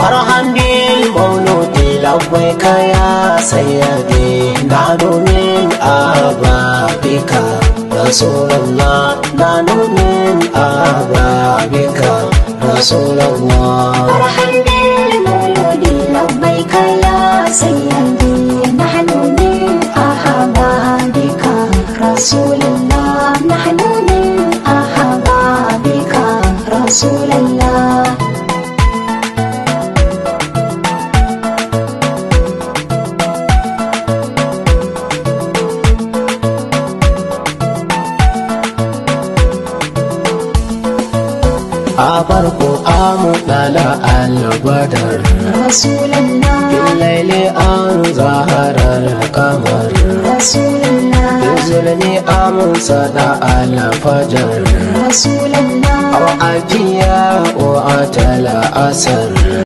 farhan bil mauludi lagwai kaya sayade na domin ababika rasulallah na domin ababika rasulallah farhan kaya rasulallah a farko amu dala albadar rasulallah laili an zaharar kamar rasulallah zulmi amun sada alfajar rasulallah a afiya wa atala asar